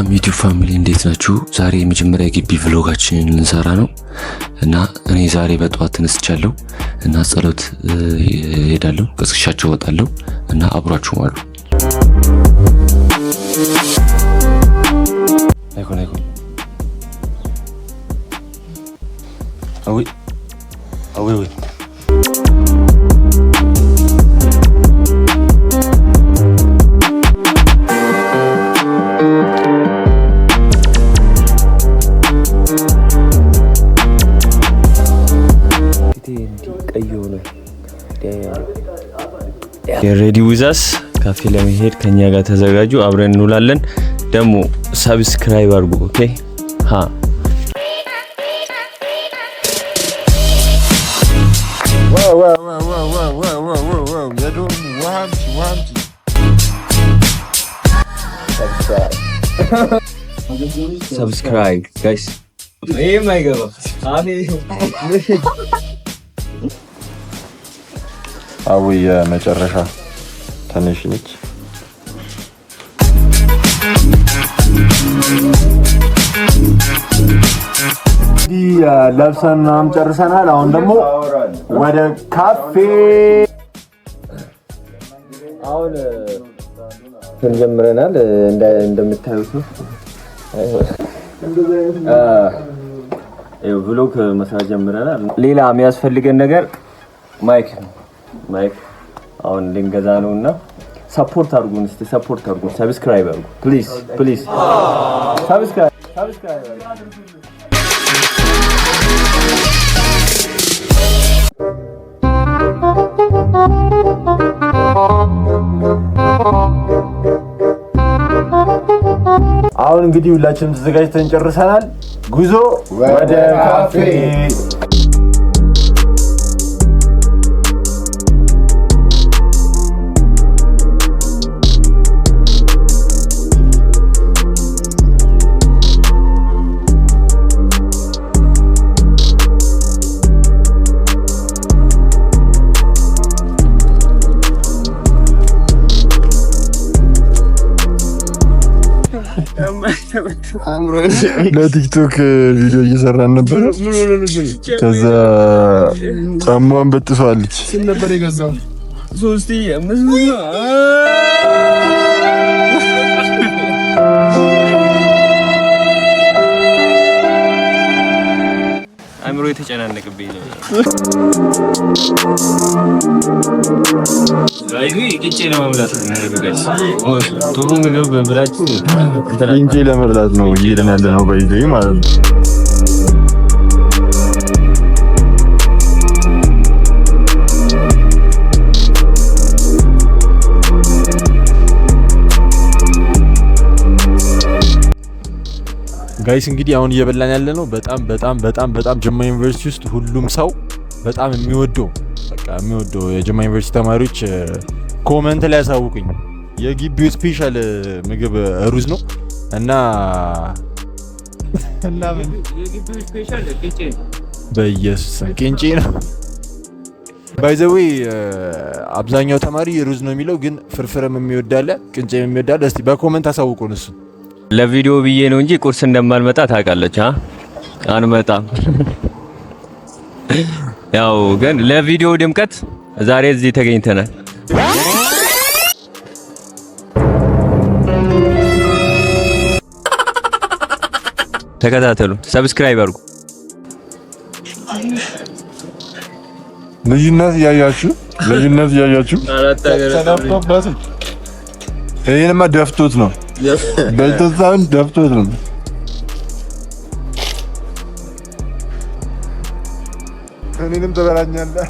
ሰላም ዩቲዩብ ፋሚሊ እንዴት ናችሁ? ዛሬ የመጀመሪያ ግቢ ቭሎጋችንን ልንሰራ ነው እና እኔ ዛሬ በጠዋት ተነስቻለሁ እና ጸሎት ሄዳለሁ፣ ቀስቅሻቸው እወጣለሁ እና አብሯችሁ አሉ አይኮን አዊ ሬዲ ዊዛስ ካፌ ለመሄድ ከኛ ጋር ተዘጋጁ፣ አብረን እንውላለን። ደግሞ ሰብስክራይብ አድርጉ። ኦኬ ሀ ሰብስክራይብ ጋይስ ይህም አይገባ አዊ የመጨረሻ ትንሽ ነች። ለብሰን ምናምን ጨርሰናል። አሁን ደግሞ ወደ ካፌ አሁን ጀምረናል። እንደምታዩት ነው። ብሎክ መስራት ጀምረናል። ሌላ የሚያስፈልገን ነገር ማይክ ነው። ማይክ አሁን ልንገዛ ነው እና ሰፖርት አድርጉን እስኪ ሰፖርት አድርጉን። ሰብስክራይብ አድርጉ ፕሊዝ ፕሊዝ ሰብስክራይብ አሁን እንግዲህ ሁላችንም ተዘጋጅተን ጨርሰናል። ጉዞ ወደ ካፌ ለቲክቶክ ቪዲዮ እየሰራን ነበር ከዛ ጫማዋን በጥሷለች። አእምሮ የተጨናነቅብኝ ነው። ምግብ ብላችሁ እንጂ ለመብላት ነው እየሄድን ያለ ነው ማለት ነው። ጋይስ እንግዲህ አሁን እየበላን ያለ ነው። በጣም በጣም በጣም በጣም ጅማ ዩኒቨርሲቲ ውስጥ ሁሉም ሰው በጣም የሚወደው በቃ የሚወደው የጅማ ዩኒቨርሲቲ ተማሪዎች ኮመንት ላይ ያሳውቁኝ። የግቢው ስፔሻል ምግብ ሩዝ ነው እና እና በኢየሱስ ቅንጭ ነው። ባይ ዘ ዌይ አብዛኛው ተማሪ ሩዝ ነው የሚለው፣ ግን ፍርፍርም የሚወዳለ ቅንጭም የሚወዳለ። እስቲ በኮመንት አሳውቁን እሱ ለቪዲዮ ብዬ ነው እንጂ ቁርስ እንደማልመጣ ታውቃለች። አንመጣም። ያው ግን ለቪዲዮ ድምቀት ዛሬ እዚህ ተገኝተናል። ተከታተሉ፣ ሰብስክራይብ አድርጉ። ልዩነት እያያችሁ ልዩነት እያያችሁ ይሄንማ ደፍቶት ነው። በልቶ ሳይሆን ደፍቶት ነው። እኔንም ትበላኛለህ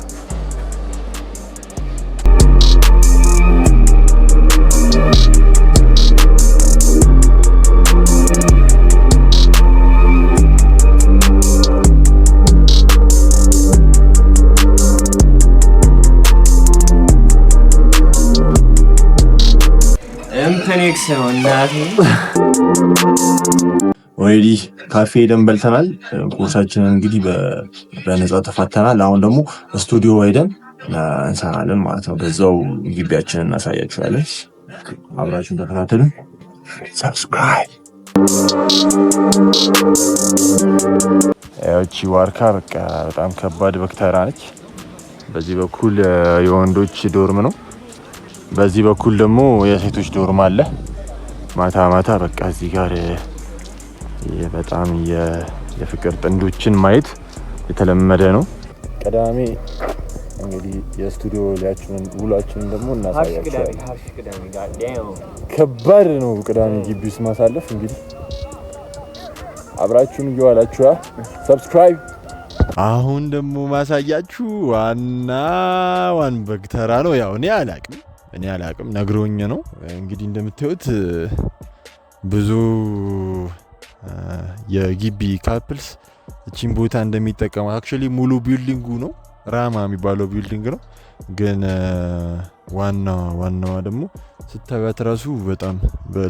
ሴክስ ካፌ ሄደን በልተናል። ቁርሳችንን እንግዲህ በነፃ ተፋተናል። አሁን ደግሞ ስቱዲዮ ሄደን እንሰራለን ማለት ነው። በዛው ግቢያችንን እናሳያችኋለን። አብራችሁን ተከታተሉ። ሰብስክራይብ ያቺ ዋርካ በቃ በጣም ከባድ በክተራ ነች። በዚህ በኩል የወንዶች ዶርም ነው። በዚህ በኩል ደግሞ የሴቶች ዶርም አለ። ማታ ማታ በቃ እዚህ ጋር በጣም የፍቅር ጥንዶችን ማየት የተለመደ ነው። ቅዳሜ እንግዲህ የስቱዲዮ ሊያችንን ውሏችንን ደግሞ እናሳያቸዋለን። ከባድ ነው ቅዳሜ ግቢ ውስጥ ማሳለፍ። እንግዲህ አብራችሁን እየዋላችኋ ሰብስክራይብ። አሁን ደግሞ ማሳያችሁ ዋና ዋን በግ ተራ ነው። ያው እኔ አላቅም እኔ አላቅም ነግሮኝ ነው እንግዲህ እንደምታዩት ብዙ የጊቢ ካፕልስ እቺን ቦታ እንደሚጠቀሙ አክቹዋሊ ሙሉ ቢልዲንጉ ነው ራማ የሚባለው ቢልዲንግ ነው። ግን ዋናዋ ዋናዋ ደግሞ ስታዩት ራሱ በጣም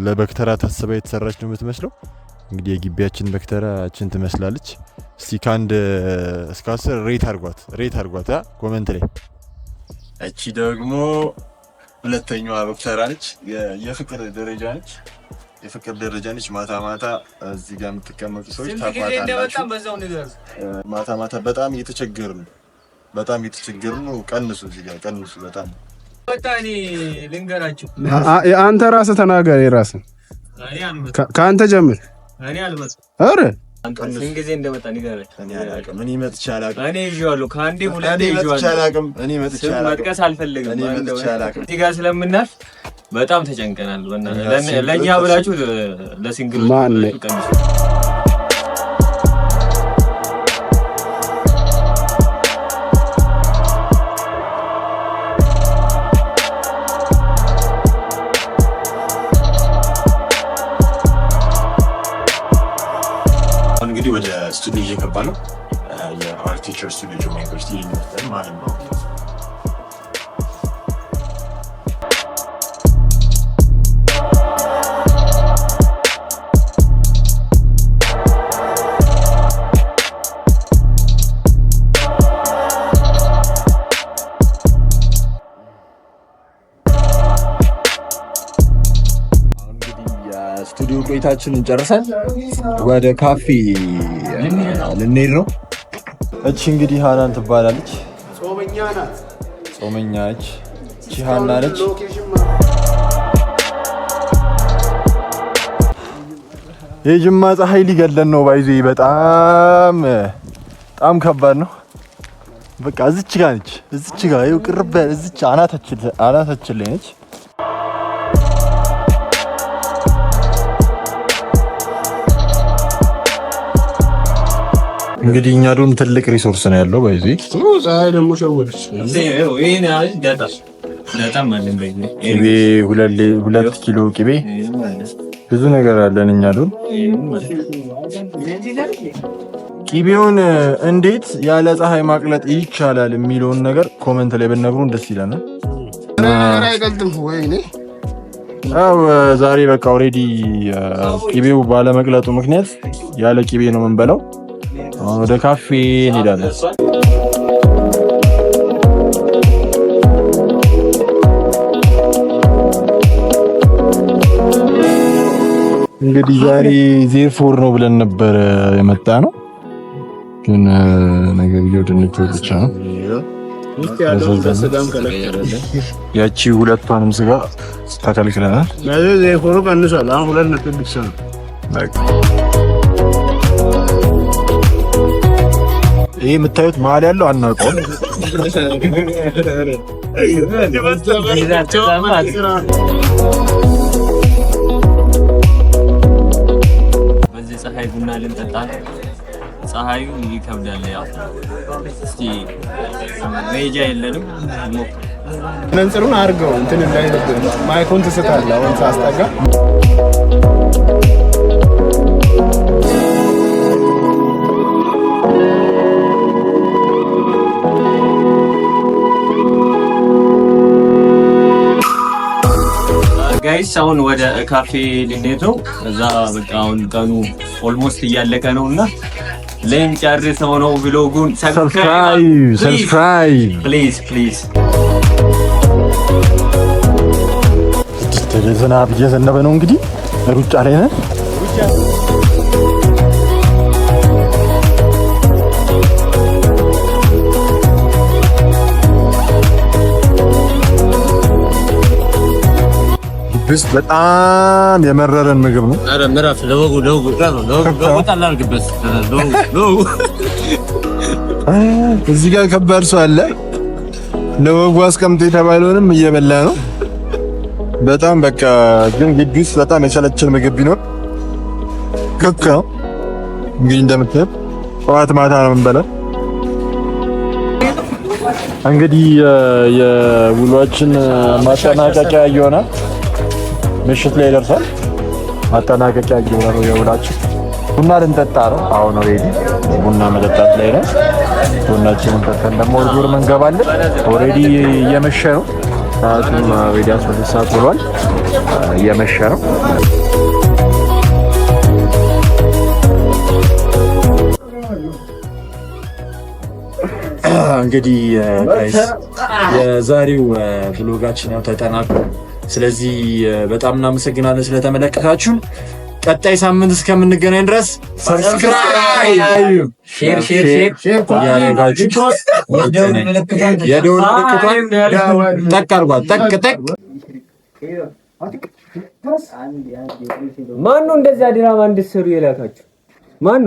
ለበክተራ ታስባ የተሰራች ነው የምትመስለው። እንግዲህ የግቢያችን በክተራ ችን ትመስላለች። እስቲ ከአንድ እስከ አስር ሬት አርጓት ሬት አርጓት ኮመንት ላይ እቺ ደግሞ ሁለተኛዋ ዶክተር ነች። የፍቅር ደረጃ ነች። የፍቅር ደረጃ ነች። ማታ ማታ እዚህ ጋር የምትቀመጡ ሰዎች ማታ ማታ በጣም እየተቸገር ነው፣ በጣም እየተቸገር ነው። ቀንሱ፣ እዚህ ጋር ቀንሱ። በጣም አንተ ራስህ ተናገር፣ ራስህ ከአንተ ጀምር። ኧረ ስንት ጊዜ እንደመጣ ንገረኝ። እኔ መጥቼ አላውቅም። እኔ ይዤዋለሁ፣ ከአንዴ ሁለቴ ይዤዋለሁ። መጥቀስ አልፈልግም። እዚህ ጋር ስለምናልፍ በጣም ተጨንቀናል። ለእኛ ብላችሁ ለሲንግሎች ማለት ነው። ስቱዲዮ ቆይታችንን ጨርሰን ወደ ካፌ ልንሄድ ነው። እቺ እንግዲህ ሀናን ትባላለች። ጾመኛ ናት። ጾመኛ ነች። ቺሃና ነች። የጅማ ፀሐይ ሊገለን ነው። ባይዜ በጣም በጣም ከባድ ነው። በቃ እዚች ጋ ነች። እዚች ጋ ይኸው ቅርብ እዚች አናታችን ላይ ነች። እንግዲህ እኛ ዶም ትልቅ ሪሶርስ ነው ያለው። በዚህ ፀሐይ ደግሞ ሸወደች። ሁለት ኪሎ ቅቤ ብዙ ነገር አለን። እኛ ዶም ቅቤውን እንዴት ያለ ፀሐይ ማቅለጥ ይቻላል የሚለውን ነገር ኮመንት ላይ ብነግሩን ደስ ይለናል። አው ዛሬ በቃ ኦልሬዲ ቅቤው ባለመቅለጡ ምክንያት ያለ ቅቤ ነው የምንበላው። ወደ ካፌ እንሄዳለን። እንግዲህ ዛሬ ዜር ነው ብለን ነበረ የመጣ ነው፣ ግን ነገርየው ድንች ብቻ ነው። ያቺ ሁለቷንም ስጋ ተከልክለናል። ዜር ቀንሷል። አሁን ሁለት ነጥብ ብቻ ነው። ይሄ የምታዩት መሀል ያለው አናውቀውም። በዚህ ፀሐይ ቡና ልንጠጣ ነው። ፀሐዩ ይከብዳል። ያው እስኪ መሄጃ የለንም። መንጽሩን አድርገው እንትን እንዳይነብ ማይኮን ትስታለ አሁን ሳስጠጋ ጋይስ አሁን ወደ ካፌ ልንሄድ ነው። እዛ በቃ አሁን ቀኑ ኦልሞስት እያለቀ ነው እና ልንጨርሰው ነው ቪሎጉን ሰብስክራይብ ሰብስክራይብ ፕሊዝ ፕሊዝ። ዝናብ እየዘነበ ነው እንግዲህ ሩጫ ላይ ነን ድስት በጣም የመረረን ምግብ ነው። አረ ምራፍ ለወጉ ለወጉ ለወጉ ለወጉ እዚህ ጋር ከባድ ሰው አለ። ለወጉ አስቀምጦ የተባለውንም እየበላ ነው። በጣም በቃ ግን ግቢ ውስጥ በጣም የሰለችን ምግብ ቢኖር ክክ ነው። እንግዲህ እንደምታየው ጠዋት ማታ ነው የምንበላው። እንግዲህ የውሏችን ማጠናቀቂያ ይሆናል። ምሽት ላይ ደርሷል። ማጠናቀቂያ ጊዜ ነው የውላችን። ቡና ልንጠጣ ነው አሁን። ኦልሬዲ ቡና መጠጣት ላይ ነው። ቡናችንን ጠጥተን ደግሞ ዙር እንገባለን። ኦልሬዲ እየመሸ ነው። ሰዓቱም ኦልሬዲ 12 ሰዓት ብሏል። እየመሸ ነው። እንግዲህ የዛሬው ብሎጋችን ያው ተጠናቀቀ። ስለዚህ በጣም እናመሰግናለን ስለተመለከታችሁን። ቀጣይ ሳምንት እስከምንገናኝ ድረስ ሰብስክራይብ፣ እንደዚህ ሼር፣ ሼር ድራማ እንድትሰሩ የላካችሁ ማን